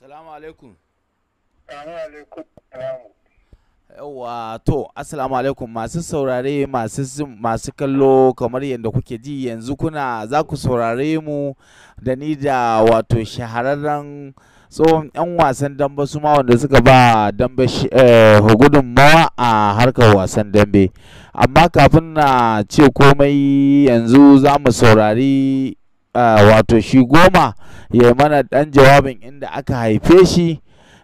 Salamu alaikum. Yawwa to, Assalamu alaikum masu saurare masu kallo kamar yadda kuke ji yanzu kuna za ku saurare mu da ni da wato shahararren tsohon 'yan wasan dambe su ma wanda suka ba dambe eh, gudunmawa a harkar wasan dambe amma kafin na ce komai yanzu za mu saurari wato shi goma ya mana ɗan jawabin inda aka haife shi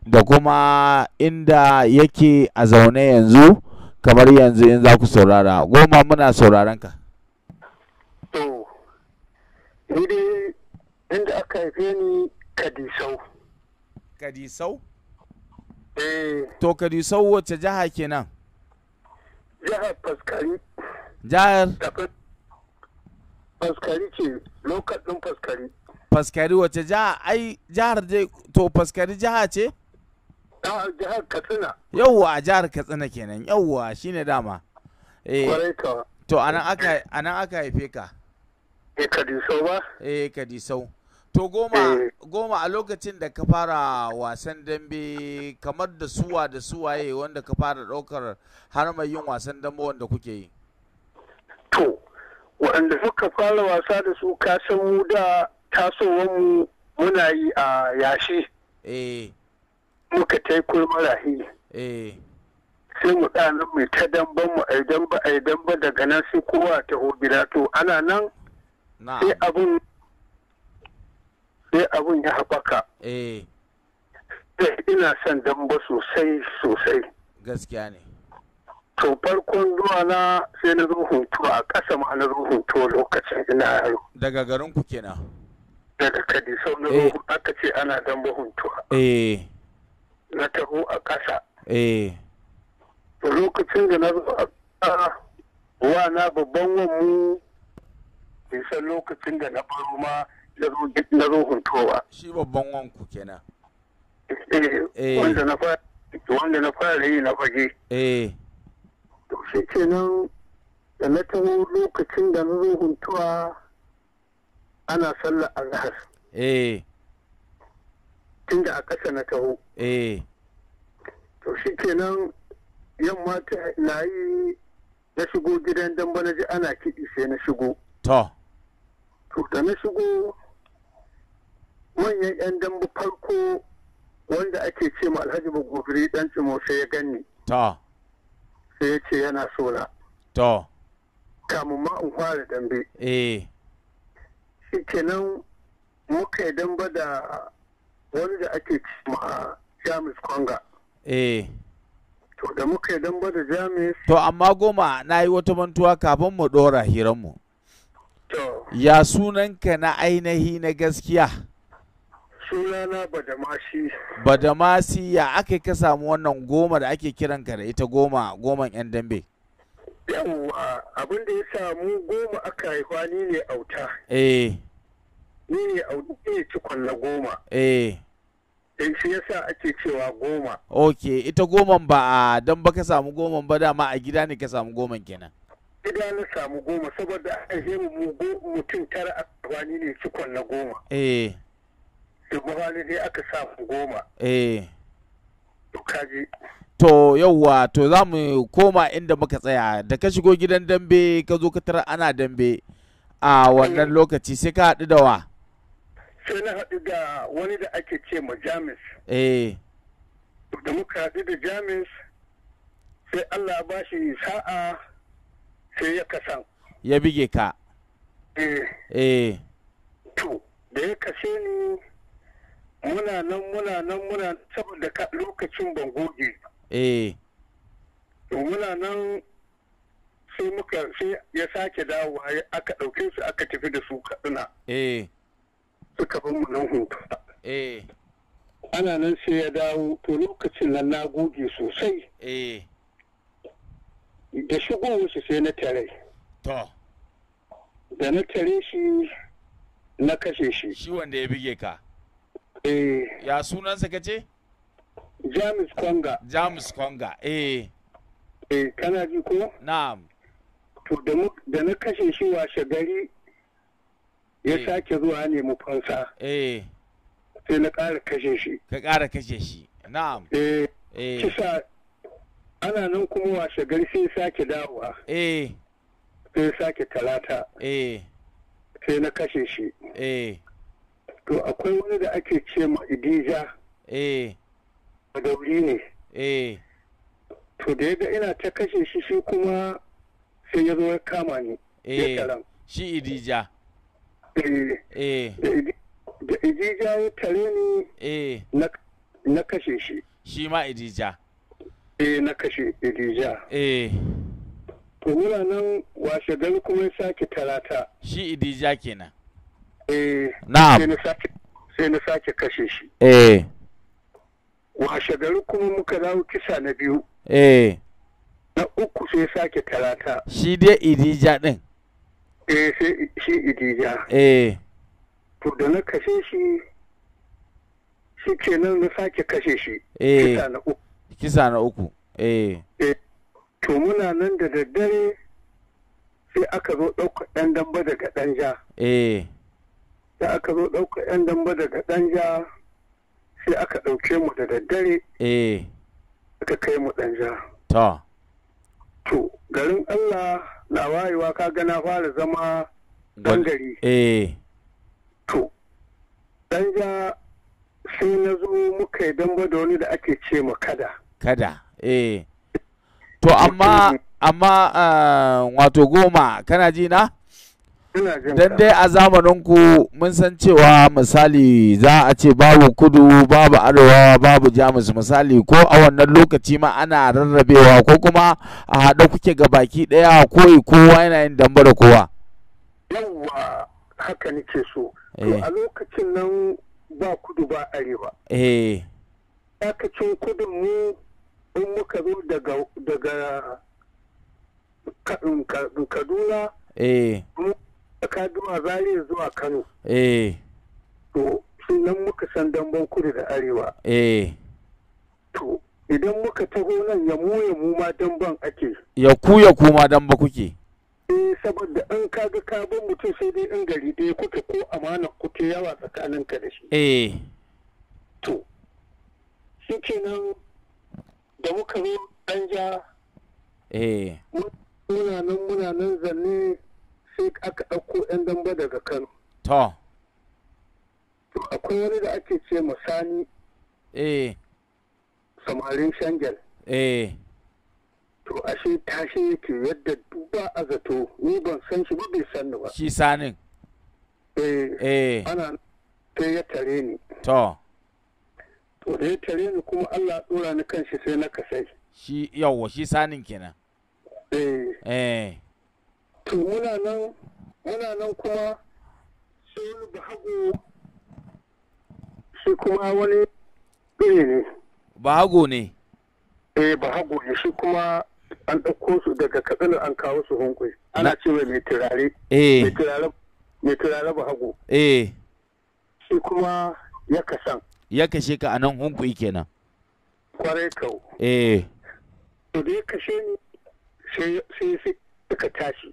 da kuma inda yake a zaune yanzu kamar yanzu in za ku saurara goma muna sauraron ka to dai inda aka haife ni kadisau kadisau eh. to kadisau wacce jiha kenan jihar faskari jihar faskari ce lokal ɗin faskari faskari wace jiha ai jihar dai to faskari jiha ce jihar katsina yauwa a jihar katsina kenan yauwa shine dama eh to anan aka aka haife ka e kadisau ba e kadisau to goma eh. goma a lokacin da ka fara wasan dambe kamar da suwa da suwaye wanda ka fara ɗaukar har mai yin wasan dambe wanda kuke yi to waɗanda suka fara wasa da su kasan mu da mu muna yi a yashi eh. muka ta yi kulmarahi eh. sai mu ɗanin mai ta damban mu a idan ba a idan ba daga nan sai kowa ta hobila to ana nan sai abun sai abun ya haɓaka sai eh. ina son damba sosai sosai gaskiya ne to farkon zuwa na sai na zo hutu a ƙasa ma na zo hutu lokacin ina yaro daga garin ku kenan daga kadi sau na zo eh. aka ce ana ba hutu eh na taho a ƙasa eh lokacin da na zo a ƙasa wa na babban wanmu bai san lokacin da na baro ma na zo huntowa shi babban wanku kenan eh, eh. wanda na fara yi na fage eh to shi nan da na taho lokacin da na zo huntuwa ana sallar azhar eh tun a ƙasa na taho eh to shi yamma na yi na shigo gidan don na ji ana kiɗi sai na shigo to da na shigo manyan 'yan dambu farko wanda ake ce ma alhaji bagobiri dan tsimo sai ya ganni sai ya ce yana sola. To. Kamun ma in fara dambe. Eh. Shi kenan muka yi damba da wani da ake ci ma Jamus Kwanga. Eh. To da muka yi damba da Jamus. To amma goma na yi wata mantuwa kafin mu ɗora hiranmu. To. Ya sunanka na ainihi na gaskiya. sunana badamasi badamasi ya aka ka samu wannan goma da ake kiran ka da ita goma goman yan dambe yawwa abin da ya samu goma aka haifa ni ne auta eh ni ne auta ne cikon na goma eh in shi yasa ake cewa goma ok ita goman ba a don ba ka samu goman ba dama a gida ne ka samu goman kenan gida na samu goma saboda a mu mutum tara a ne cikon na goma eh dai aka samu goma eh kaji to yauwa to za mu koma inda muka tsaya da ka shigo gidan dambe ka zo ka tara ana dambe a wannan eh. lokaci sai ka haɗu da wa sai na haɗu da wani da ake ce ma jamis eh da muka haɗu da jamis sai allah ba shi sa'a sai ya kasan ya bige ka eh eh to da ya kashe ni muna nan muna nan muna saboda lokacin ban goge eh to muna nan sai muka sai ya sake dawo aka ɗauke su aka tafi da su kaduna eh suka bar mu nan hutu eh ana nan sai ya dawo to lokacin nan na goge sosai eh da shigowar su sai na tare to da na tare shi na kashe shi shi wanda ya bige ka eh ya sunansa kace James konga James Konga. eh eh kana ji ko na'am to da na kashe shi washe gari ya eh. sake zuwa ne mu fansa eh sai na ƙara kashe shi ka ƙara kashe shi na'am eh, eh. kisa ana nan kuma washe gari sai sake dawowa eh sai sake talata eh sai na kashe shi eh to akwai wani da ake ce ma idija eh madauri ne eh to da yadda ina ta kashe shi shi kuma sai ya zo ya kama ni eh shi idija eh, eh. da idija ya tare ni eh na kashe shi shi ma idija eh na kashe idija eh to muna nan washe gari kuma ya sake talata shi idija kenan Eh, sai na sake kashe shi eh washe gari kuma muka dawo kisa na biyu eh na uku sai sake talata shi dai idija din eh sai shi idija eh to da na kashe shi shi kenan na sake kashe shi eh kisa na uku kisa na uku eh eh to muna nan da daddare sai aka zo ɗaukar ɗan damba daga ɗan ja eh da aka zo ɗauka 'yan damba daga ɗanja sai aka ɗauke mu da daddare eh. aka kai mu ɗanja to to garin allah na wayewa ka gana fara zama gangari gari. Eh. to ɗanja sai na zo muka yi damba da wani da ake ce ma kada kada eh to amma amma ah, wato goma kana ji na don dai a zamaninku mun san cewa misali za a ce babu kudu babu arewa babu jamus misali ko a wannan lokaci ma ana rarrabewa ko kuma a haɗa kuke ga baki ɗaya koyi kowa yana yin damba da kowa yawwa haka nake so eh. a lokacin nan ba kudu ba arewa eh dakacin kudin mu in muka zo daga kaduna eh kaduwa zariya zuwa kano eh to nan muka san damban kudu da arewa eh to idan muka taho nan ya mu ya mu ma damban ake ya ku ya ku ma damba kuke eh saboda an kaga ka bar mutum sai dai in gari dai kuke ko amana kuke yawa tsakanin ka da shi eh to shi kenan da muka zo danja ja eh muna nan muna nan zanne sai aka ɗauko 'yan damba daga kano to akwai wani da ake ce masani eh samarin shangel eh to ashe tashi yake yadda duba a zato ni ban san shi ba bai san ba shi sanin eh eh ana ta ya tare ni to to da ya tare ni kuma Allah dora ni kanshi sai na kasai shi yawwa shi sanin kenan eh eh to muna nan muna nan kuma sai hagu shi kuma wani ɗaya ne bahago ne eh bahago ne shi kuma an ɗauko su daga katsina an kawo su hunkwai ana cewa eh. mai turare mai turare bahago eh shi kuma ya kasan ya kashe ka a nan hunkwai kenan kwarai kau eh to da ya kashe ni sai suka tashi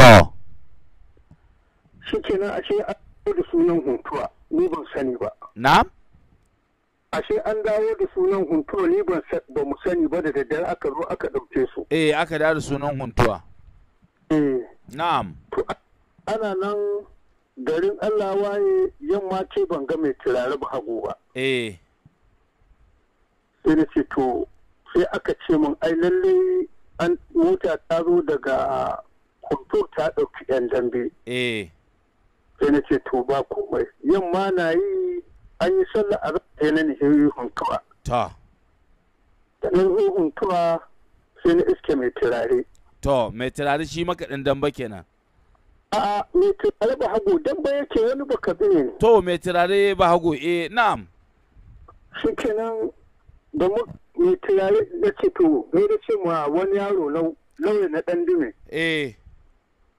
to shi kenan ashe an dawo da sunan huntuwa ni ban sani ba na ashe an dawo da sunan huntuwa ni ban ba mu sani ba da daddare aka zo aka ɗauke su eh aka dawo da sunan huntuwa eh na'am to ana nan garin Allah waye yamma ce ban ga mai turare ba hagu ba eh sai na ce to sai aka ce min ai lalle an mota ta zo daga kultur ta ɗauki 'yan dambe eh. sai na ce to ba komai yamma na yi an yi sallah a ranar na nihin hunkawa ta da na hunkawa sai na iske mai turare to mai turare shi makaɗin damba kenan A'a, mai turare ba hago dan ba yake wani ba ka ne. To, mai turare ba hago eh na'am. Shi kenan da mu mai turare da ce to, mai da ce ma wani yaro lauya na ɗan dume. Eh.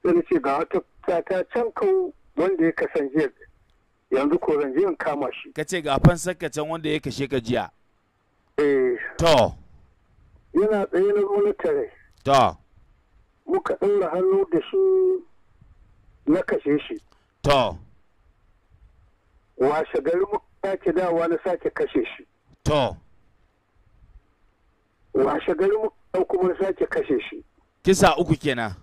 sai na ce ga wata ta can kawo wanda ya kasan jiya yanzu ko zan je in kama shi ka ce ga fansar ka can wanda ya kashe ka jiya eh to yana tsaye na zo tare to muka ɗaura hannu da shi na kashe shi to washe gari muka sake dawa na sake kashe shi to washe gari muka kuma na sake kashe shi kisa uku kenan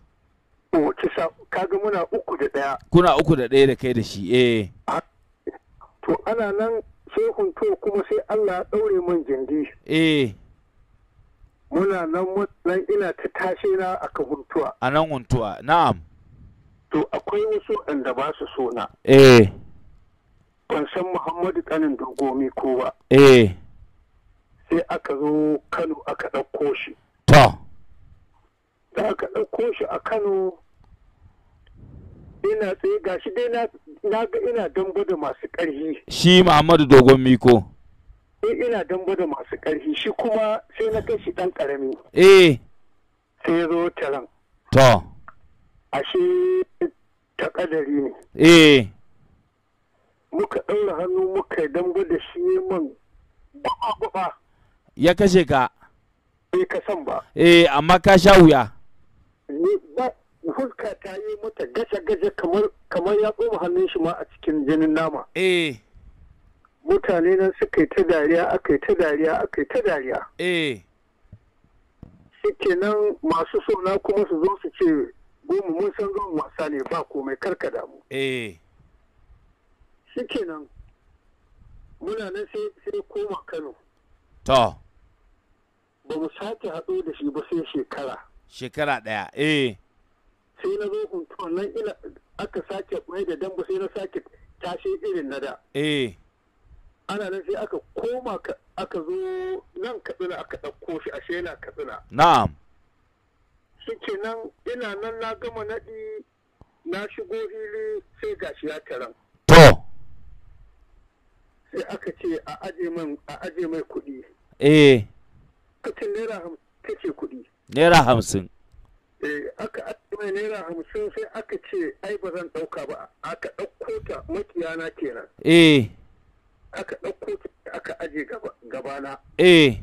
kisa kaga muna uku da ɗaya. Kuna uku da ɗaya da kai da shi eh. To ana nan sai hunto kuma sai Allah ɗaure mun jindi. Eh. Muna nan nan ina ta tashe na aka huntuwa. A nan huntuwa na'am. To akwai wasu inda ba su sona. Eh. Ban san Muhammadu kanin dogomi ko ba. Eh. Sai aka zo Kano aka ɗauko shi. To. da aka ɗauko shi a kano ina tsaye ga shi dai na ga ina dambo da masu ƙarfi shi muhammadu dogon miko eh ina dambo da masu ƙarfi shi kuma sai na kai shi ɗan ƙarami eh sai zo taron to ashe ta ƙadari ne eh muka ɗaura hannu muka dambo da shi man ya kashe ka eh ka san ba eh amma ka sha wuya ba hulka ta yi mata gaje-gaje kamar ya tsoma hannun shi ma a cikin jinin nama. Eh. Mutane nan suka yi ta dariya, aka yi ta dariya, aka yi ta dariya. Eh. Shi kenan masu na kuma su zo su ce goma mun san zuwan wasa ne ba komai karka damu. Eh. Shi kenan muna nan sai koma Kano. To. Ba mu sake haɗo da shi ba sai shekara. shekara ɗaya eh sai na zo in wannan ina aka sake mai da dambu sai na sake tashi irin na da eh ana nan sai aka koma aka zo nan katsina aka ɗauko shi ashe yana katsina na'am suke nan ina nan na gama naɗi na shigo hili sai gashi ya taran to sai aka ce a aje mai kuɗi eh kacin naira hamsin ce kuɗi naira hamsin eh, aka mai naira hamsin sai aka ce ai ba zan ɗauka ba aka ɗauko ta makiyana kenan eh aka ɗauko ta aka aje gabana eh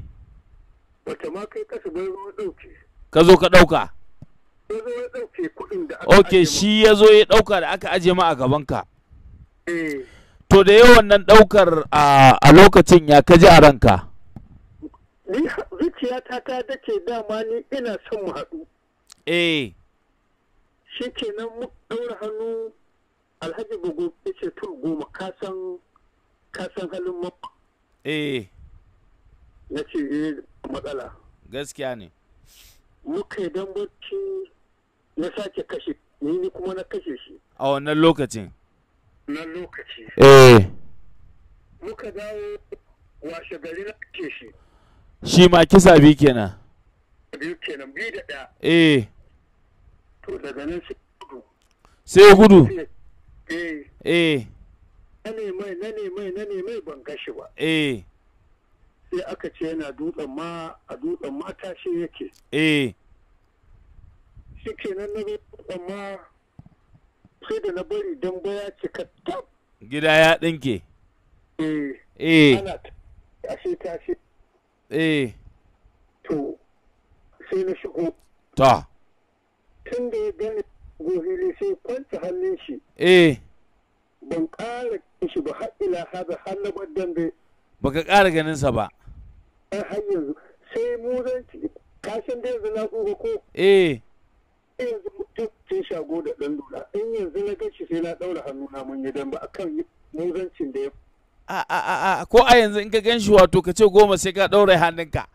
wata ma kai kasu bai zo ɗauke ka zo ka ɗauka ya zo ya ɗauke kuɗin da aka ok shi ya zo ya ɗauka da aka aje ma a gaban ka. eh to da yawan nan ɗaukar a lokacin ya kaji a ranka ni zuciyata ta dace dama ni ina son mu haɗu eh shi kenan mu ɗaura hannu alhaji gugu ya ce tur goma kasan kasan halin mu eh na ce eh matsala gaskiya ne muka yi dambarci na sake kashe ni ni kuma na kashe shi a wannan lokacin na lokaci eh muka dawo washe gari na kashe shi shi ma kisa bi kenan bi kenan bi da ɗaya eh to daga nan sai gudu sai gudu eh eh na ne mai na ne mai na ne mai ban gashi ba eh sai aka ce yana dutsen ma a dutsen ma shi yake eh shi kenan na dutsen ma sai da na bari don baya cika ka gida ya dinke eh eh ana ashe shi eh to sai na shigo ta tun da ya gani gobe sai kwanta hannun shi eh ban ƙara shi ba har ila haza har na bai. Ba ka ƙara ganin sa ba Ɗan har yanzu sai mu zan kashin da yanzu na tsoho ko eh yanzu mutum ce shago da ɗan lura. in yanzu na shi sai na ɗaura hannu na mun yi dambe akan muzancin da ya a ko a yanzu in ka gan shi wato ka ce goma sai ka ɗaure hannunka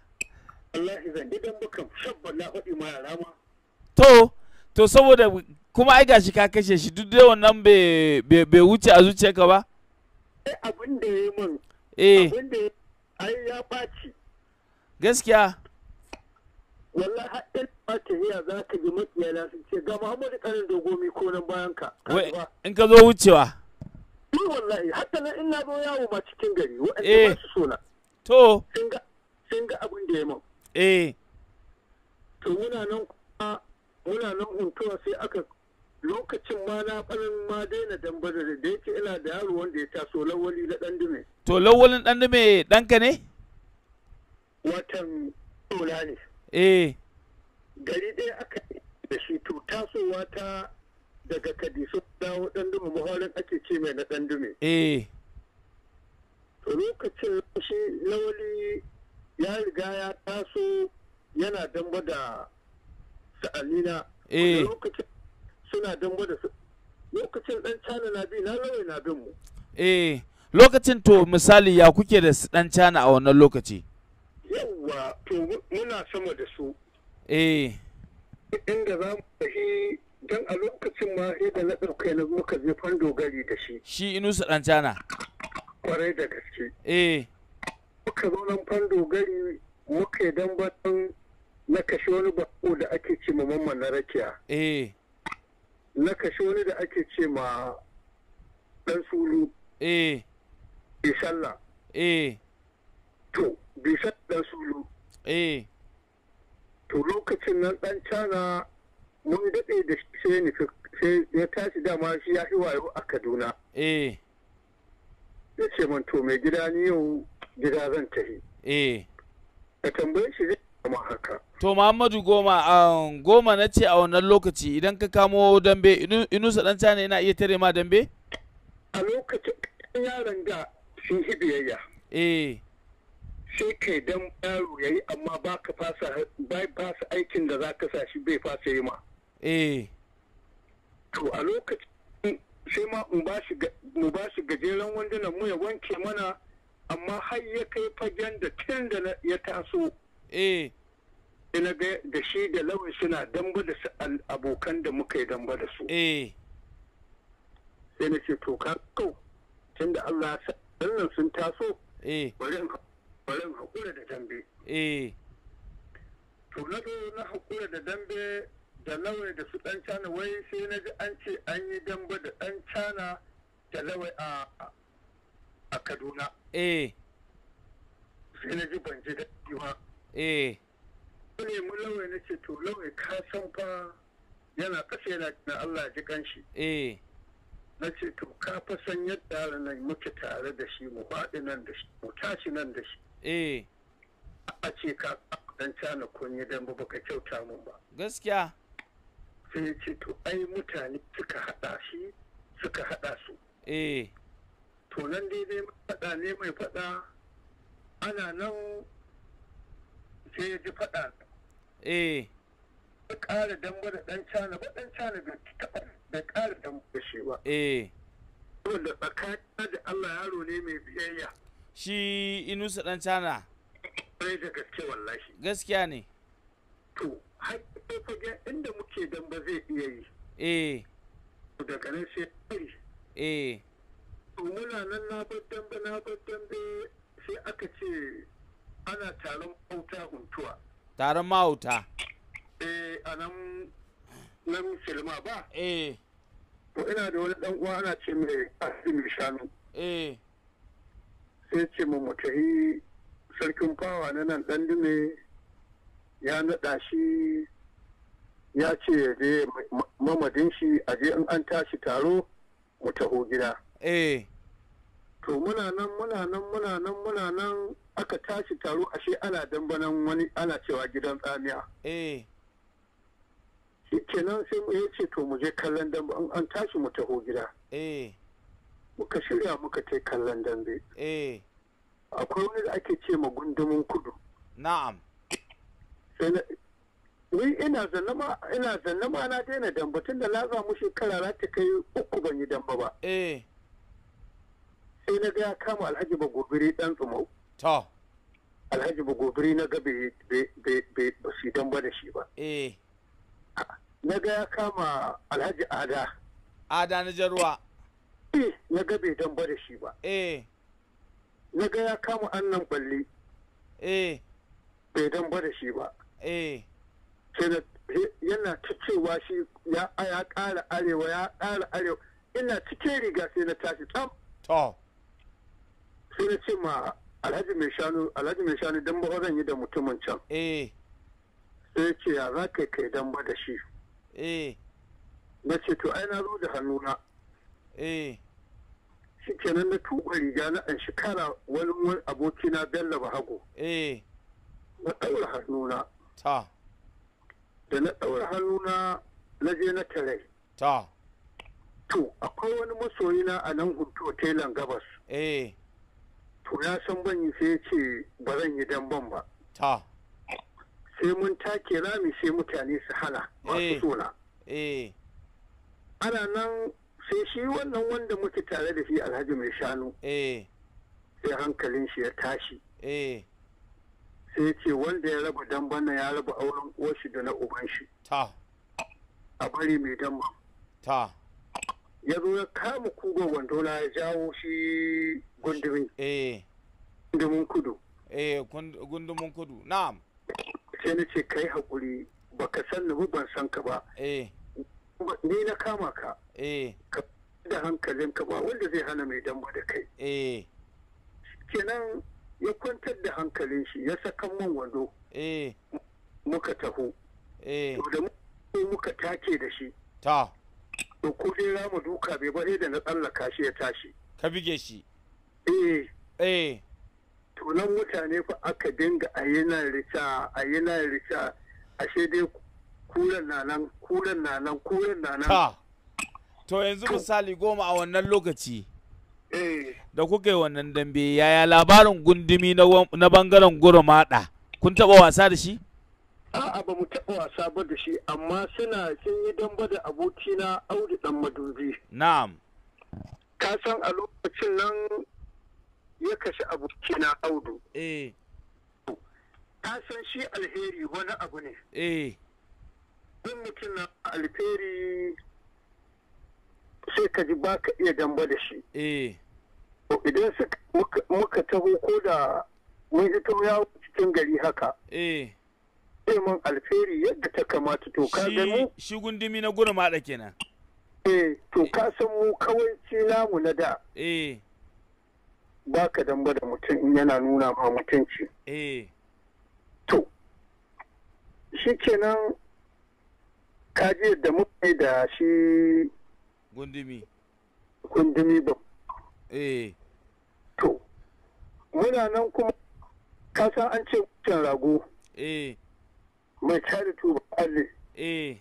to to saboda kuma ai gashi ka kashe shi duk dai wannan bai wuce a zuciyarka ba abin da ya mun eh abin da ai ya ɓaci gaskiya wallahi har ɗan ɓaci iya za ka ji maƙiyana sun ce ga Muhammadu ƙarin Dogomi ko nan bayan ka in ka zo wucewa Ni wallahi hatta na ina zo yawo ma cikin gari waɗanda eh. ba su sona. To. Sun ga abin da ya mau. Eh. To muna nan kuma muna nan huntuwa sai aka lokacin ma na ɓarin ma daina dambar da yake ina da yaro wanda ya taso lawali na ɗan dume. To lawalin ɗan dume ɗanka ne? Watan Tola ne. Eh. Gari ɗaya aka da shi to tasowa ta daga kadi sun dawo dan dume muhallin ake ce mai na dan dume eh lokacin shi lawali ya riga ya taso yana damba da sa'alina eh lokacin suna damba da lokacin dan cana na bi na lawai na bin mu eh lokacin to misali ya kuke da dan cana a wannan lokaci yawwa to muna sama da su eh inda za mu tafi don a lokacin ma da na ɗauke na muka je dogari da shi shi ɗan cana. kwarai da gaske eh muka zo nan dogari muka yi batun na kashe wani bako da ake ce ma mamman na rakiya eh na kashe wani da ake ce ma ɗan sulu eh bisalla eh to bisalla ɗan sulu eh to lokacin nan ɗan cana mun daɗe da shi sai ya tashi dama shi ya iwayo a Kaduna. Eh. Ya ce man to mai gida ni yau gida zan tafi. Eh. Ka tambaye shi zai kama haka. To Muhammadu goma um, goma na ce a wannan lokaci idan ka kamo dambe inusa sadan cana yana iya tare ma dambe? A lokacin yaron da sun yi biyayya. Eh. sai kai dan yaro yayi amma ba ka fasa aikin da za ka sa shi bai fasa yi ma. eh to a lokacin sai ma mu ba shi gajeren wandunan mu ya wanke mana amma har ya kai fagen da tun da ya taso eh ina ga da shi da lawan suna damba da abokan da muka yi damba da su eh sai na ce to ka kau tun da Allah sannan sun taso eh bari in haƙura da dambe eh to na na haƙura da dambe da lawai da su dan cana wai sai na ji an ce an yi damba da dan cana da lawai a a kaduna eh sai na ji ban ji da yiwa eh ne mu lawai na ce to lawai ka san fa yana kasa yana na Allah ji kanshi eh na ce to ka fa san yadda nan muke tare da shi mu faɗi nan da shi mu tashi nan da shi eh a ce ka dan cana kun yi damba baka kyauta mun ba gaskiya sai ya ce to ai mutane suka haɗa shi suka haɗa su eh to nan daidai faɗa ne mai faɗa ana nan sai ya ji faɗa eh ya ƙara damba da ɗan cana ba ɗan cana bai taɓa da ƙara damba da shi ba eh saboda tsakanin da Allah yaro ne mai biyayya shi inusa ɗan cana ƙwarai da gaske wallahi gaskiya ne to fage inda muke dan ba zai iya yi eh daga nan sai bari eh to muna nan na bar dambe na bar dambe sai aka ce ana taron mauta untuwa taron mauta eh a nan nan silma ba eh to ina da wani dan uwa ana ce mai asimi shanu eh sai ce mu mutahi sarkin fawa na nan dan dume ya naɗa shi ya ce ya je mamadin shi a je in an tashi taro mu taho gida. Eh. To muna nan muna nan muna nan muna nan aka tashi taro ashe ana dambanan wani ana cewa gidan tsamiya. Eh. kenan sai mu ce to mu je kallon dambe in an tashi mu taho gida. Eh. Muka shirya muka kai kallon dambe. Eh. Akwai wani da ake ce ma gundumin kudu. Na'am. ni ina zannama ina na daina damba tun da na mu shekara na ta kai uku ban yi damba ba eh sai na ga ya kama alhaji gobiri dan tsumau to alhaji gobiri na ga bai bai shi damba da shi ba eh na ga ya kama alhaji ada ada na jarwa eh na ga bai damba da shi ba eh na ga ya kama annan balli eh bai damba da shi ba Eh. yana ta cewa shi ya kara ƙara arewa ya ƙara arewa ina cikin riga sai na tashi tam to sai na ce ma alhaji mai shanu alhaji mai shanu dan ba zan yi da mutumin can eh sai ce ya za ka kai dan ba da shi eh na ce to ai na zo da hannuna eh shi kenan na tuba riga na an kara wani abokina bello bahago eh na ɗaura hannuna ta da na ɗaura hannuna na je na tare ta to akwai wani masoyina a nan hunto telan gabas eh to ya san ban yi sai ce ba zan yi damban ba ta sai mun take rami sai mutane su hana masu sona eh. eh ana nan sai shi wannan wanda muke tare da shi alhaji mai shanu eh sai hankalin shi ya tashi eh sai ce wanda ya raba damban na ya raba auren uwarshi da na uban shi ta a bari mai damba ta ya zo ya kama kugo gwandola ya jawo shi gundumin eh gundumin kudu eh gundumin kudu na'am sai na ce kai hakuri baka san ni ban san ka ba eh ni na kama ka eh ka da hankalin ka ba wanda zai hana mai damba da kai eh kenan ya kwantar da hankalin shi ya saka man wando eh muka taho eh da muka take da shi ta to ko dai ramu duka bai bare da na tsallaka shi ya tashi ka bige shi eh eh to nan mutane fa aka dinga a yana rica a yana ashe dai kuran na nan kuran na nan kuran na nan to yanzu misali goma a wannan lokaci Eh. da kuka yi wannan dambe yaya labarin gundumi na bangaren maɗa kun taba wasa da shi a'a ba mu taba wasa ba da shi amma suna sun yi damba da abokina Audu dan madubi na'am ka san a lokacin nan ya kashe abokina Audu eh ka san shi alheri wani abu ne eh duk mutum na alheri sai ka ji ba ka iya damba da shi eh. idan muka taho ko da mun ta ya cikin gari haka eh. sai mun alferi yadda ta kamata to ka mu. shi gundumi na gurin maɗa kenan eh to ka san mu kawai ce namu na da eh ba ka damba da mutum in yana nuna ma mutunci eh to shi kenan ka ji yadda yi da shi gundumi gundumi ba eh to muna nan kuma kasan an ce kucin rago eh mai cari tuba alle eh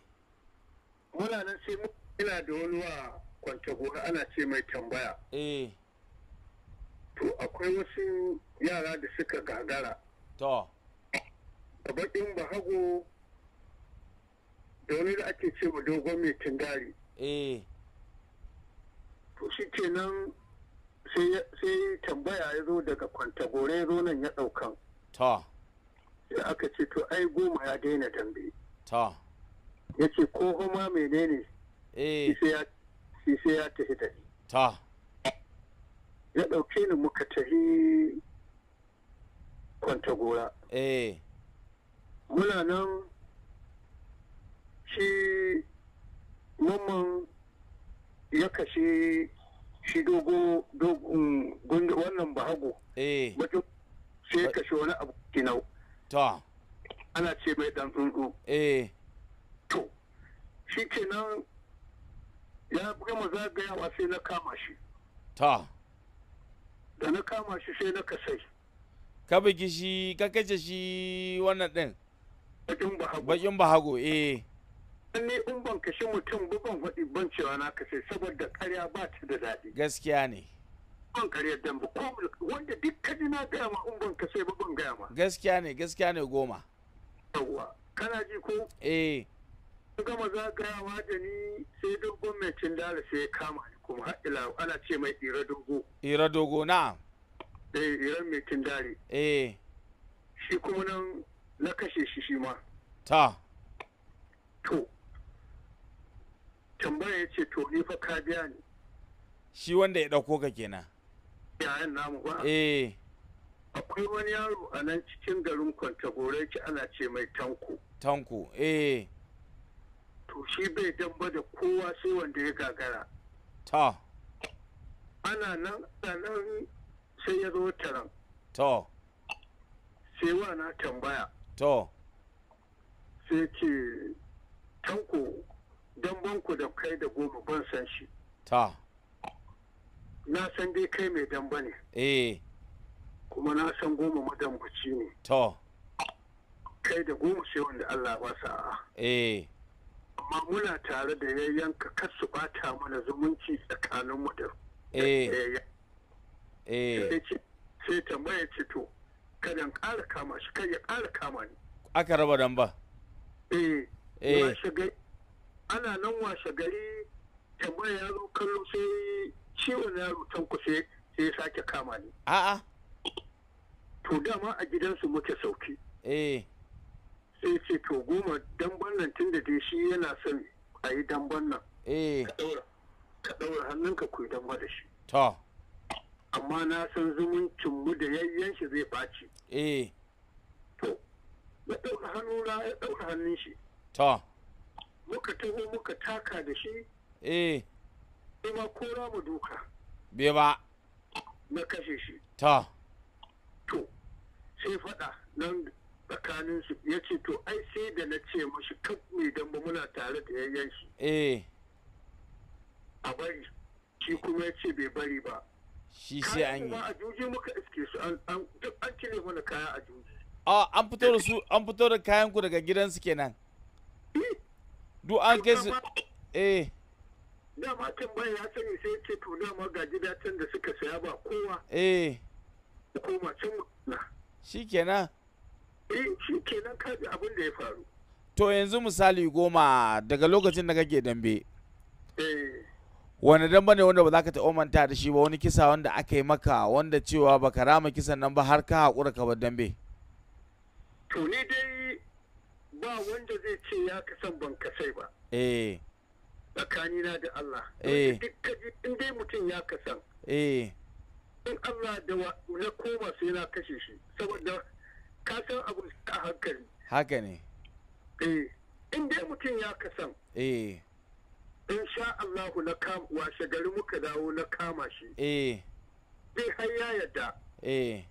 muna nan sai ina da wani wa kwanta gora ana ce mai tambaya eh to akwai wasu yara da suka gagara to da bakin bahago da wani da ake ce ma dogon mai tingari eh shi shi nan sai tambaya ya zo daga kwantagore ya zo nan ya daukan ta sai aka ce to ai goma ya daina dambe ta ya ce ko kuma menene eh. shi sai ya tafi da ni ta ya dauke ni muka tafi kwantagora eh muna nan shi mamman ya kashe shi dogo wannan bahago eh. bakin sai ya kashe wani abu kinau to ana ce mai dan tsuntsu eh to shi kenan ya gama zagayawa sai na kama shi to da na kama shi sai na kasai ka bugi shi ka kace shi wannan din bakin bahago bakin bahago eh ne in ban kashe mutum ba ban faɗi ban cewa na kashe saboda karya ba ta da daɗi gaskiya ne ban karya dan ba wanda duk kaji na gaya ma in ban kashe ba ban gaya ma gaskiya ne gaskiya ne goma yawwa kana ji ko eh sun gama zagayawa da ni sai dogon mai cindala sai ya kama ni kuma haɗila ana ce mai ira dogo ira dogo na'am eh iran mai cindali eh shi kuma nan na kashe shi shi ma ta to tambaya ya ce to ni fa ka biya ni shi wanda ya ɗauko ka kenan yayan namu ba eh akwai wani yaro a nan cikin garin kwantagore ki ana ce mai tanko tanko eh to shi bai damba da kowa sai wanda ya gagara ta ana nan ana nan sai ya zo taron to sai na tambaya to sai ce tanko don banku da kai da goma ban san shi ta na san dai kai mai damba ne eh kuma na san goma madambaci ne to kai da goma sai wanda Allah ba sa eh amma muna tare da yanka kar su bata mana zumunci tsakanin mu da eh eh sai tambaya ce to kadan ƙara kama shi kai ya ƙara kama ni aka raba damba eh eh shiga ana nan washe gari tambaya ya zo kallo sai ciwon yaro can kusa sai ya sake kama ni a'a to dama a gidansu muke sauki eh sai ce to goma damban nan tun da shi yana son a yi damban nan eh ka ɗaura hannunka ku yi damba da shi to amma na san zumuncin mu da yayyan shi zai ɓaci eh to ya ɗaura hannu na ya ɗaura hannun shi to muka taho muka taka da shi eh sai ma kora mu duka bai ba na kashe shi ta to sai faɗa nan tsakanin su ya ce to ai sai da na ce mashi kaf ne don ba muna tare da yayyan shi eh a bari shi kuma ya ce bai bari ba shi sai an yi a juji muka iske su an duk an cire mana kaya a juji a ah, an fito da su an fito da kayan ku daga gidansu kenan eh, duk an kai su eh dama can bai ya sani sai ce to dama ga gidajen da suka saya ba kowa eh koma na shikenan eh shikenan kaji abin da ya faru to yanzu misali goma daga lokacin da kake dambe eh wani damba ne wanda ba za ka taɓa manta da shi ba wani kisa wanda aka yi maka wanda cewa ba ka rama kisan nan ba har ka haƙura ka ba dambe to ni dai ba wanda zai ce ya kasan ban kasai ba eh tsakanina da Allah eh duk inda in dai mutum ya kasan eh in Allah da na koma sai na kashe shi saboda ka san abu a hankali haka ne eh in dai mutum ya kasan eh in sha Allahu na kama washe gari muka dawo na kama shi eh zai har ya yadda eh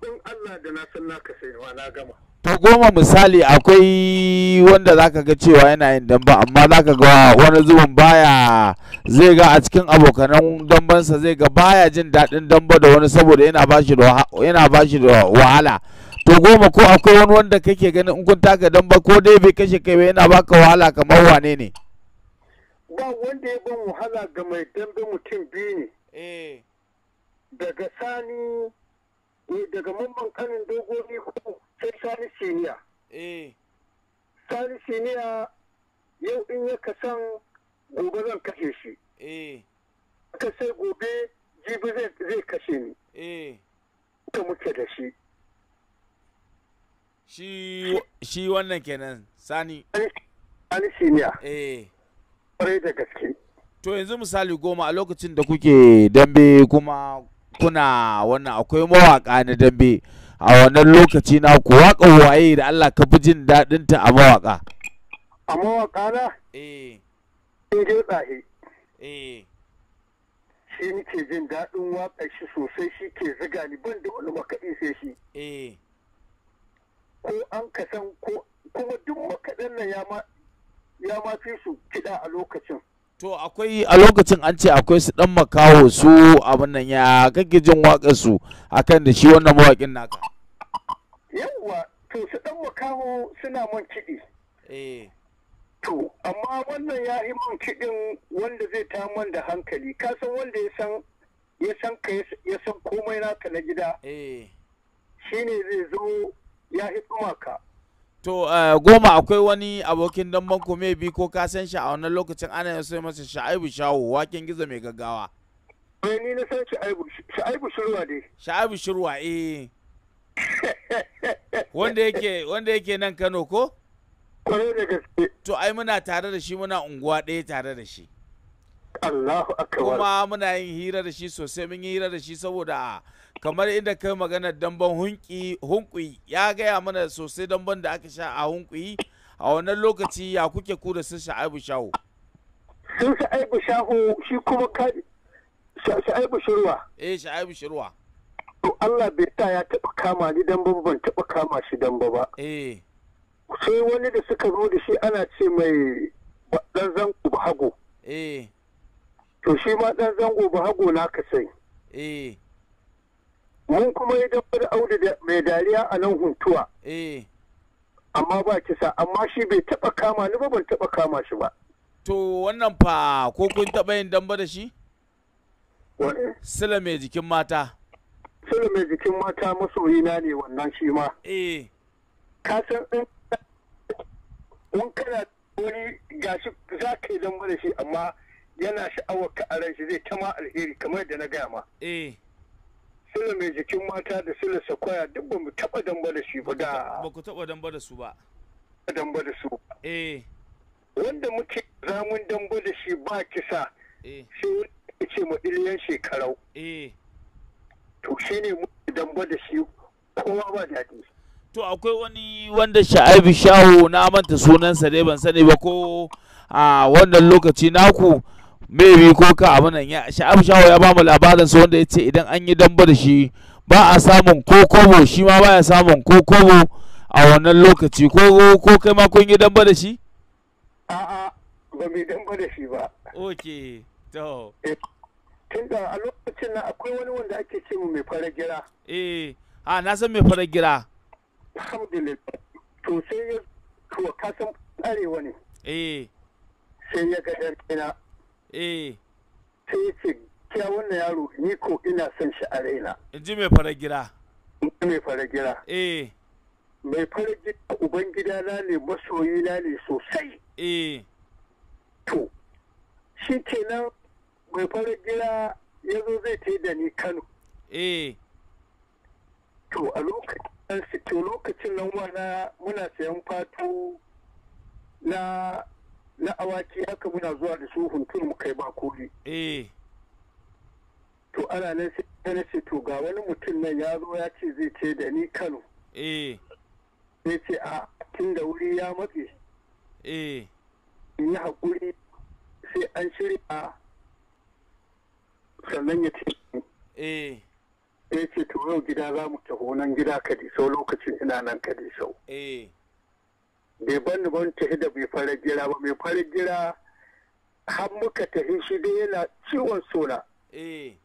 don Allah da na san na kasai wa na gama ta goma misali akwai wanda zaka ga cewa yana yin damba amma zaka ga wani zubin baya zai ga a cikin abokanan dambansa zai ga baya jin daɗin damba da wani saboda yana ba shi yana da wahala to goma ko akwai wani wanda kake ganin in kun taka damba ko dai bai kashe kai ba yana baka wahala kamar wane ne ba wanda ya ban wahala ga mai dambe mutum biyu ne eh. daga sani ne eh, daga mamman kanin dogoni ko sai sani siniya eh sani siniya yau in ya kasan gobe zan kashe shi eh ka sai gobe jibi zai kashe ni eh ta muke da shi shi shi wannan kenan sani sani siniya eh kwarai da gaske to yanzu misali goma a lokacin da kuke dambe kuma kuna wannan akwai mawaƙa na dambe a wannan lokaci na ku waƙa waye da Allah ka fi jin daɗin ta a mawaƙa. a mawaƙa na eh in ge tsahi eh shi nake jin daɗin waƙar shi sosai shi ke ziga ni ban da wani makaɗi sai shi eh ko an san ko kuma duk makaɗan nan ya ma ya ma fi su kiɗa a lokacin to akwai a lokacin an ce akwai su dan makawo su abin nan ya kake jin waƙar su akan da shi wannan mawaƙin naka yawwa to su dan makawo suna mun kiɗi eh to amma wannan ya yi mun kiɗin wanda zai ta mun da hankali ka san wanda ya san ya san ka ya san komai naka na gida eh shine zai zo ya hitsuma ka to eh, goma akwai wani abokin damban ku bi ko ka san shi a wannan lokacin ana yin sai masa sha'aibu shawo waken gizo mai gaggawa eh ni na san sha'aibu shirwa dai sha'aibu shirwa eh wanda yake wanda yake nan Kano ko kwarai da gaske to ai muna tare da shi muna unguwa ɗaya tare da shi Allahu akbar kuma muna yin hira da shi sosai mun yi hira da shi saboda kamar inda kai magana damban hunki hunkuyi ya gaya mana sosai damban da aka sha a hunkuyi a wannan lokaci ya kuke ku da sun sha'aibu shaho sun sha'aibu shaho shi kuma ka sha'aibu shirwa eh sha'aibu shirwa to Allah bai ta ya taɓa kama ni damban ban taɓa kama shi damba ba eh sai wani da suka zo da shi ana ce mai dan zango ba hago eh to shi ma dan zango ba hago na ka sai eh mun kuma ya dabbar auda mai dariya a nan huntuwa eh. amma ba kisa amma shi bai taba kama ni ba ban taba kama shi ba to wannan fa ko kun taba yin damba da shi sila mai jikin mata sila mai jikin mata masoyina ne wannan shi ma eh ka san in kana wani gashi za ka yi damba da shi amma yana sha'awar ka a ran shi zai ta alheri kamar yadda na gaya ma eh sila mai jikin mata da sila sakwaya duk ba mu taba damba da shi ba da ba ku taba damba da su ba damba da su eh wanda muke zamun damba da shi ba kisa eh sai wani ce mu iliyan shekarau eh to shine mu damba da shi kowa ba daɗi to akwai wani wanda sha'abi shawo na manta sunansa dai ban sani ba ko a wannan lokaci naku maybe ko ka abu nan ya sha'ab shawo ya bamu labarin su wanda ya ce idan an yi damba da shi ba a samun ko kobo shi ma ya samun ko kobo a wannan lokaci ko ko kai ma kun yi damba da shi a'a ba mai damba da shi ba okay to eh, tun da a lokacin na akwai wani wanda ake ce mu mai fara gira eh a na san mai fara gira alhamdulillah to sai ya to ka san arewa ne eh sai ya ga dan eh sai eh, ce kya wannan yaro ni ko ina son shi a raina in ji mai fara gira mai fara gira eh mai fara gira gida na ne masoyi na ne sosai eh to shi na mai fara gira ya zo zai ta da ni kano eh to a lokacin to lokacin nan wana muna sayan fatu na na awaki haka muna zuwa da su huntur mu kai ba koli eh to ana nan sai na ce to ga wani mutum nan ya zo ya ce zai ce da ni Kano eh sai ce a tun da wuri ya matse eh in yi haƙuri sai an shirya sannan ya ce eh Sai ce to yau gida za mu taho nan gida sau lokacin ina nan sau. eh bai bani ban ta da bai fara jira ba mai fara jira har muka tafi shi dai yana ciwon sona eh.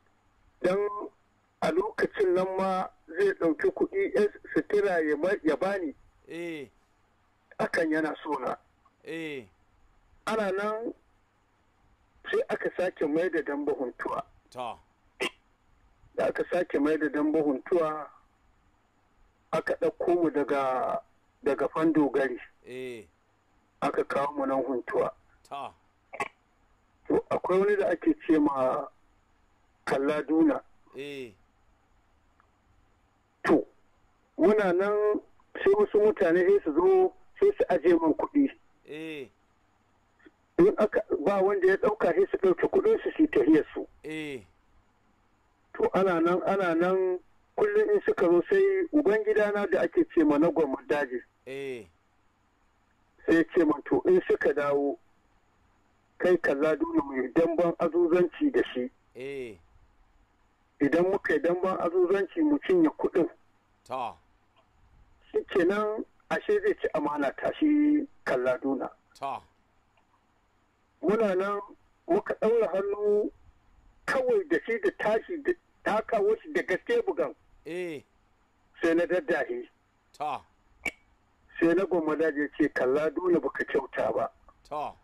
don a lokacin nan ma zai ɗauki kuɗi yan sutura ya bani eh. akan yana sona eh. ana nan sai aka sake mai da damba huntuwa da aka sake mai da damba huntuwa aka ɗauko mu daga daga fando gari eh. aka kawo mu nan huntuwa to akwai wani da ake ce ma kalladuna eh. to muna nan sai wasu mutane sai su zo sai su aje man kuɗi eh. in aka ba wanda ya ɗauka sai su ɗauki kuɗin su su tahiyar su to ana nan ana nan kullum in suka zo sai uban gidana da ake ce ma na gwamnan daji eh. sai ce ma to in suka dawo kai kaza dole mu damban azuzanci da shi eh. idan muka yi damban azuzanci mu cinye kuɗin shi kenan ashe zai ci amana ta shi na. muna nan muka ɗaura hannu kawai da shi da tashi da kawo shi da gaske bugan Eh. sai na daddahi ta sai na goma daji ce kalla dole baka kyauta ba ta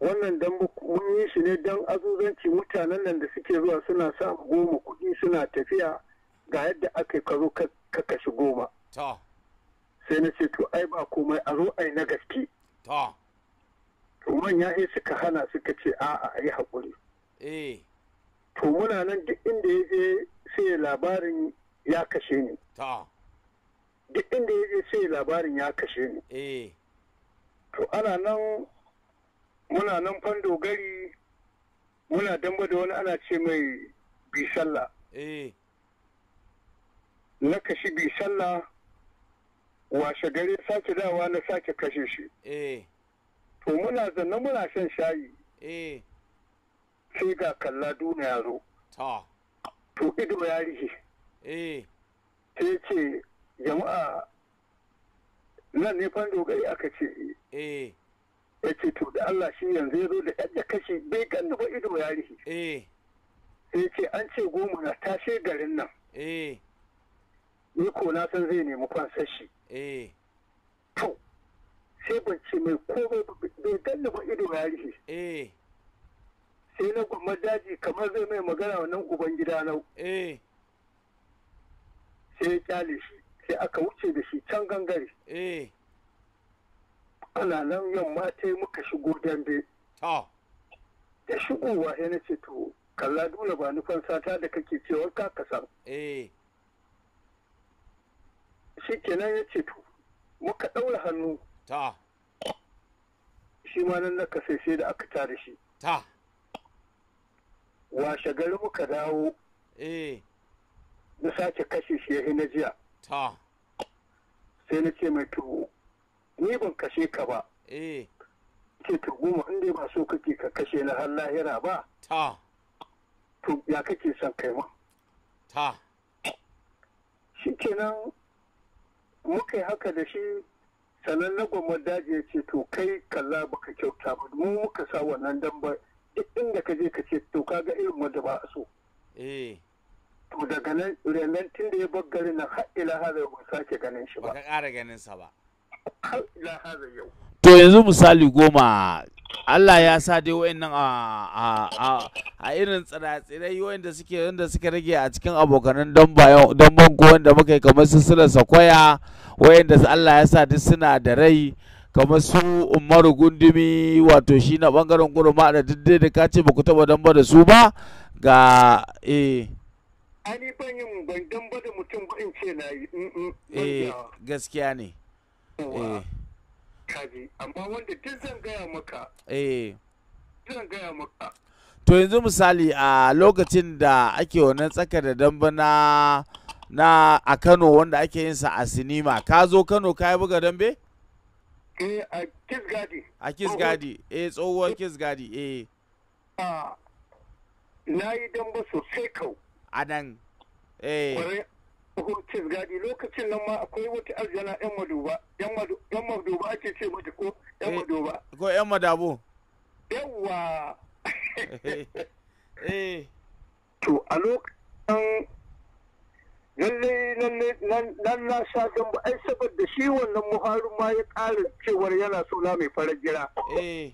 wannan dan mun yi shi ne dan azuzanci mutanen nan da suke zuwa suna sa goma kuɗi suna tafiya ga yadda aka ka zo ka kashi goma ta sai na ce to ai ba komai a zo ai na gaske ta to manya sai suka hana suka ce a'a ai hakuri eh to muna nan duk inda ya je sai labarin ya kashe ni duk inda ya je sai labarin ya kashe ni eh. to ana nan muna nan fando gari muna damba da wani ana ce mai bisalla eh. na kashi bisalla washe gare sake dawa na sake kashe shi eh. to muna zanne muna shan shayi sai ga kalla duna ya zo to ido ya rike eh. sai ce jama'a nan ne fan dogari aka ce eh. ya ce to da Allah shi yanzu ya zo da yadda kashi bai ganni ba ido ya rike eh. sai ce an ce goma na tashe garin nan ni ko na san zai nemi Eh. to sai ban ce mai komai bai ganni ba ido ya rike sai na gwamma daji kamar zai mai magana wannan uban gida nau eh. sai ya kyale shi sai aka wuce da shi can gangare eh. ana nan yamma ta yi muka shigo dambe ta da shigowa ya na ce to kalla dole ba nufan sata da kake cewar ka kasan eh. shi kenan ya ce to muka ɗaura hannu shi ma nan na kasai sai da aka tare shi ta washe gari muka dawo eh na sace kashe shi ya na jiya ta sai na ce mai tuhu ni ban kashe ka ba eh ce to mu inda ba so kake ka kashe na har lahira ba ta to ya kake son kai ma ta shi kenan muka yi haka da shi sannan na gwamnati daji ya ce to kai kalla baka kyauta ba mu muka sa wannan dambar inda ka je ka ce to kaga irin wanda ba a so eh to daga nan renan tun da ya bar gari na har ila haza yau sake ganin shi ba ka ƙara ganin sa ba har ila haza yau to yanzu misali goma Allah ya sa dai wa'annan a a a irin tsiratsirai wanda suke wanda suka rage a cikin abokanan don bayan don banko wanda muka yi kamar su sila sakwaya wa'anda Allah ya sa duk suna da rai kamar su umaru gundumi wato shi na bangaren gurma da daidai da kace ba ku taba damba da su ba ga eh ani ban yin ban damba da mutum ba in ce na yi mm, mm, eh gaskiya ne eh kaji amma wanda duk zan gaya maka eh zan gaya maka to yanzu misali a lokacin da ake wannan tsaka da damba na na a Kano wanda ake yin sa a sinima ka zo Kano ka yi buga dambe? Eh, a Kiss Gadi. A Kiss Gadi, eh tsohuwar Kiss Gadi, eh. Ah, na yi don ba sosai kau. A nan, eh. Kiss Gadi lokacin nan ma akwai wata arzana 'yan maduba, 'yan maduba ake ce mata ko 'yan eh, maduba. Ko 'yan madabo. Yawwa. Eh. To, a lokacin lallai nan na sha don ba ai saboda shi wannan muharin ma ya ƙara cewar yana suna mai farar gira. Eh.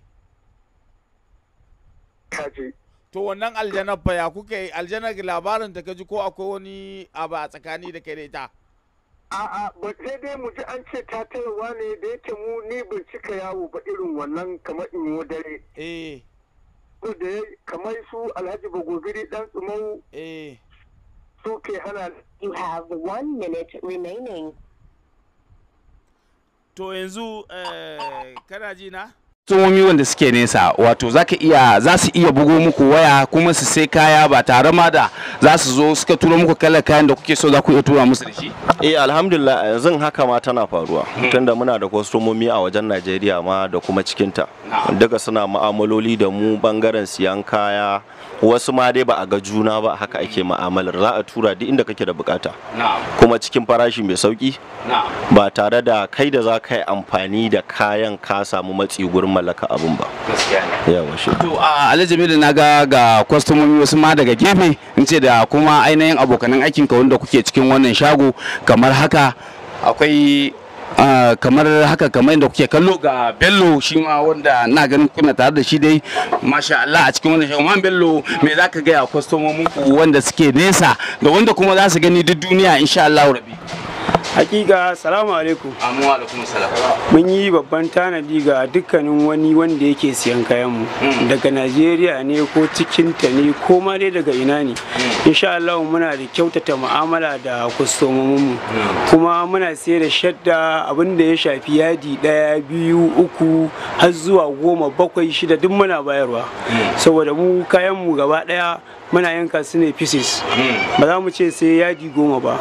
Kaji. To wannan aljanar baya ya kuka yi aljanar labarin da ka ji ko akwai wani abu a tsakani da kai da ita. A'a ba sai dai mu ji an ce ta tayarwa ne da yake mu ni ban cika yawo ba irin wannan kamar in yi dare. Eh. da kamar su Alhaji Bagogiri dan tsumau. Eh. suke hana you have one minute remaining to yanzu eh, kana ji na tsohomi wanda suke nesa wato za iya za su iya bugo muku waya kuma su sai kaya ba tare ma da za su zo suka turo muku kalar kayan da kuke so za ku iya tura musu da shi eh alhamdulillah yanzu haka ma tana faruwa tunda muna da kwastomomi a wajen Najeriya ma da kuma cikinta duka suna ma'amaloli da mu bangaren siyan kaya wasu ma dai ba a ga juna ba haka ake ma'amalar za a tura duk inda kake da bukata kuma cikin farashi mai sauki ba tare da kai da za ka yi amfani da kayan ka samu matsi gurin mallaka abin ba yawa shi to a alhaji na ga ga kwastomomi wasu ma daga gefe in ce da da kuma ainihin abokanan aikinka wanda kuke cikin wannan shago kamar haka akwai kamar haka kamar yadda kuke kallo ga bello shi ma wanda na ganin kuna tare da shi dai masha Allah a cikin wannan shago ma bello me za ka gaya kwastomomin ku wanda suke nesa da wanda kuma za su gani duk duniya insha Allah rabi Hakika salamu alaikum. Amu Mun yi babban tanadi ga dukkanin wani wanda yake siyan kayan mu. Hmm. Daga Najeriya ne ko cikin ta ne ko ma dai daga ina ne. Hmm. Insha Allah muna da kyautata mu'amala da kwastomomin mu. Hmm. Kuma muna sayar da shadda abin da ya shafi yadi ɗaya biyu uku har zuwa goma bakwai shida duk muna bayarwa. Saboda mu kayan mu gaba ɗaya muna yanka su ne pieces hmm. ba za mu ce sai yadi goma ba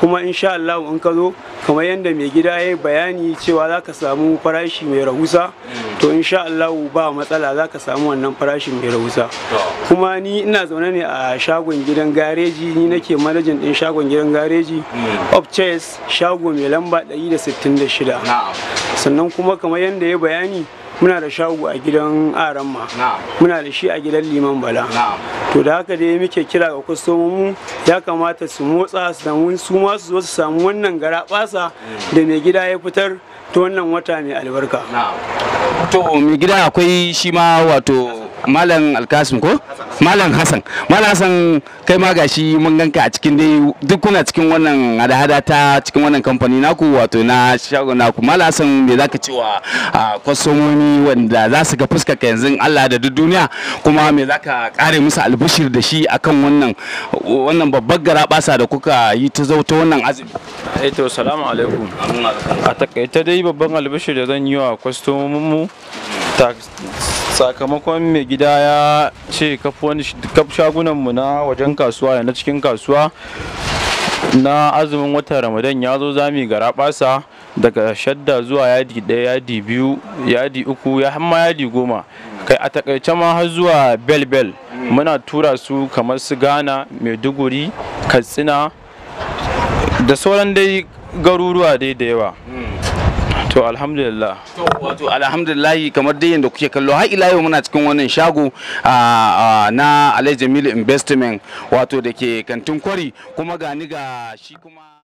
kuma insha Allah in ka zo kamar yadda mai gida ya yi bayani cewa za ka samu farashi mai rahusa hmm. to insha Allah ba matsala za ka samu wannan farashi mai rahusa kuma ni ina zaune ne a shagon gidan gareji ni nake manajan din shagon gidan gareji of hmm. chess shago mai lamba 166 sannan kuma kamar yadda ya bayani muna da shago a gidan aramma muna da shi a gidan liman bala to da haka dai muke kira ga kwastomomu ya kamata su motsa su samu su masu zuwa su samu wannan gara basa da mai gida ya fitar ta wannan wata mai albarka to mai gida akwai shi ma wato malam alkasim ko malam hassan malam hassan kai ma gashi mun ganka a cikin dai duk kuna cikin wannan hada-hada ta cikin wannan kamfani naku wato na shago naku malam hassan me zaka ce wa kwastomomi wanda za su ga fuskar ka yanzu Allah da duk duniya kuma me zaka kare musu albishir da shi akan wannan wannan babbar garabasa da kuka yi ta zauta wannan azumi eh to salamu alaikum a takaita dai babban albishir da zan yi wa kwastomomin mu sakamakon mai gida ya ce kaf shagunanmu na wajen kasuwa da na cikin kasuwa na azumin watan ramadan ya zo zami gara basa daga shadda zuwa yadi ɗaya yadi biyu yadi uku ya hamma yadi goma kai a takaice ma har zuwa bel bel muna tura su kamar su ghana maiduguri katsina da sauran dai garuruwa dai da yawa to alhamdulillah to wato alhamdulillah kamar dai yadda kuke kallo har ila yau muna cikin wannan shago na Alhaji Jamilu Investment wato da ke kantin kwari kuma ga ni ga shi kuma